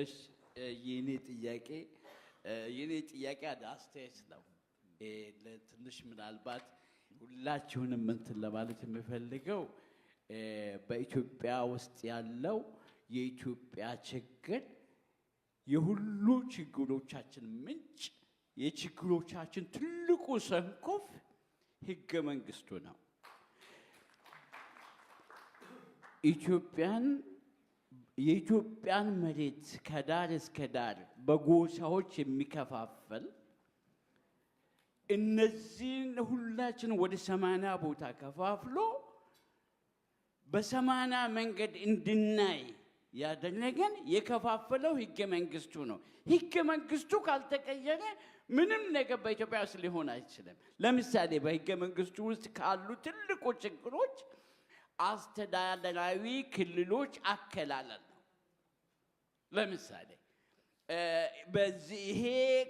እሺ የኔ ጥያቄ የኔ ጥያቄ አስተያየት ነው። ትንሽ ምናልባት ሁላችሁንም እንትን ለማለት የምፈልገው በኢትዮጵያ ውስጥ ያለው የኢትዮጵያ ችግር የሁሉ ችግሮቻችን ምንጭ የችግሮቻችን ትልቁ ሰንኮፍ ህገ መንግስቱ ነው። ኢትዮጵያን የኢትዮጵያን መሬት ከዳር እስከ ዳር በጎሳዎች የሚከፋፈል እነዚህን ሁላችን ወደ ሰማና ቦታ ከፋፍሎ በሰማና መንገድ እንድናይ ያደረገን የከፋፈለው ህገ መንግስቱ ነው። ህገ መንግስቱ ካልተቀየረ ምንም ነገር በኢትዮጵያ ውስጥ ሊሆን አይችልም። ለምሳሌ በህገ መንግስቱ ውስጥ ካሉ ትልቁ ችግሮች አስተዳደራዊ ክልሎች አከላለል ነው። ለምሳሌ በዚህ ይሄ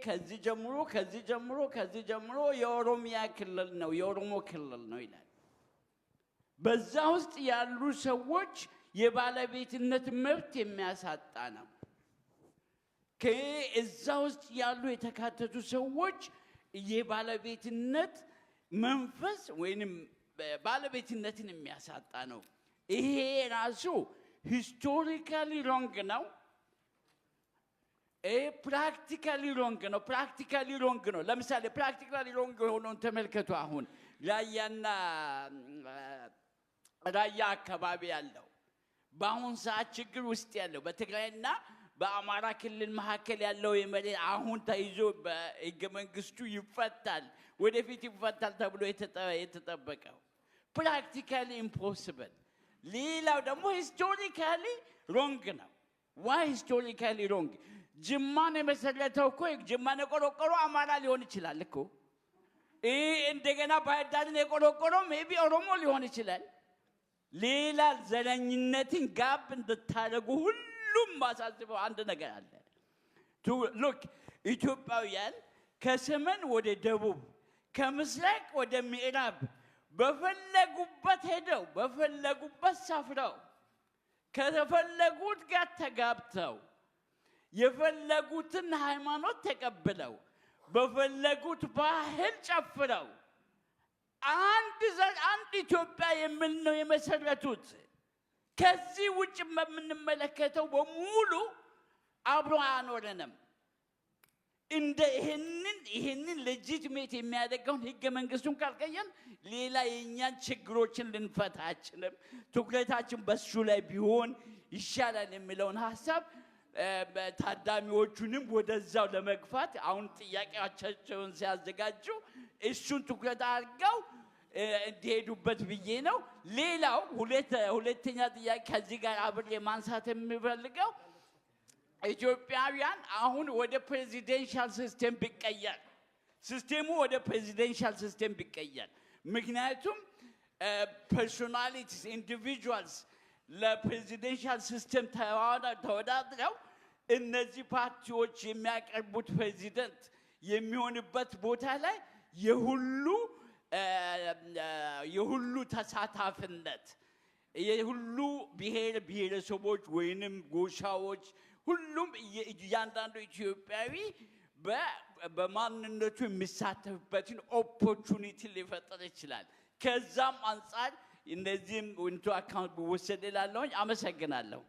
ከዚህ ጀምሮ ከዚህ ጀምሮ ከዚህ ጀምሮ የኦሮሚያ ክልል ነው የኦሮሞ ክልል ነው ይላል። በዛ ውስጥ ያሉ ሰዎች የባለቤትነት መብት የሚያሳጣ ነው። እዛ ውስጥ ያሉ የተካተቱ ሰዎች የባለቤትነት መንፈስ ወይንም ባለቤትነትን የሚያሳጣ ነው። ይሄ ራሱ ሂስቶሪካሊ ሮንግ ነው። ይሄ ፕራክቲካሊ ሮንግ ነው። ፕራክቲካሊ ሮንግ ነው። ለምሳሌ ፕራክቲካሊ ሮንግ የሆነውን ተመልከቱ። አሁን ራያና ራያ አካባቢ ያለው በአሁን ሰዓት ችግር ውስጥ ያለው በትግራይና በአማራ ክልል መካከል ያለው የመሬት አሁን ተይዞ በህገ መንግስቱ ይፈታል፣ ወደፊት ይፈታል ተብሎ የተጠበቀው ፕራክቲካሊ ኢምፖስብል። ሌላው ደግሞ ሂስቶሪካሊ ሮንግ ነው። ዋይ ሂስቶሪካሊ ሮንግ? ጅማን የመሰረተው እኮ ጅማን የቆረቆሮ አማራ ሊሆን ይችላል እኮ። እንደገና ባህርዳርን ዳርን የቆረቆሮ ሜቢ ኦሮሞ ሊሆን ይችላል። ሌላ ዘረኝነትን ጋብ እንድታደርጉ ሁሉም ማሳስበው አንድ ነገር አለ። ሉክ ኢትዮጵያውያን ከሰሜን ወደ ደቡብ፣ ከምስራቅ ወደ ምዕራብ በፈለጉበት ሄደው በፈለጉበት ሰፍረው ከተፈለጉት ጋር ተጋብተው የፈለጉትን ሃይማኖት ተቀብለው በፈለጉት ባህል ጨፍረው አንድ አንድ ኢትዮጵያ የሚል ነው የመሰረቱት። ከዚህ ውጭ የምንመለከተው በሙሉ አብሮ አያኖረንም። እንደ ይህንን ይሄንን ለጂትሜት የሚያደርገውን ህገ መንግስቱን ካልቀየን ሌላ የእኛን ችግሮችን ልንፈታ አችልም። ትኩረታችን በሱ ላይ ቢሆን ይሻላል የሚለውን ሀሳብ ታዳሚዎቹንም ወደዛው ለመግፋት አሁን ጥያቄዎቻቸውን ሲያዘጋጁ እሱን ትኩረት አድርገው እንዲሄዱበት ብዬ ነው። ሌላው ሁለተኛ ጥያቄ ከዚህ ጋር አብሬ ማንሳት የሚፈልገው ኢትዮጵያውያን አሁን ወደ ፕሬዚደንሻል ሲስተም ቢቀየር ሲስቴሙ ወደ ፕሬዚደንሻል ሲስተም ቢቀየር፣ ምክንያቱም ፐርሶናሊቲስ ኢንዲቪጁዋልስ ለፕሬዚደንሻል ሲስተም ተወዳድረው እነዚህ ፓርቲዎች የሚያቀርቡት ፕሬዚደንት የሚሆንበት ቦታ ላይ የሁሉ የሁሉ ተሳታፊነት የሁሉ ብሔር ብሔረሰቦች ወይንም ጎሻዎች ሁሉም እያንዳንዱ ኢትዮጵያዊ በማንነቱ የሚሳተፍበትን ኦፖርቹኒቲ ሊፈጠር ይችላል። ከዛም አንጻር እነዚህም ኢንቱ አካውንት ቢወሰድ ላለሁኝ አመሰግናለሁ።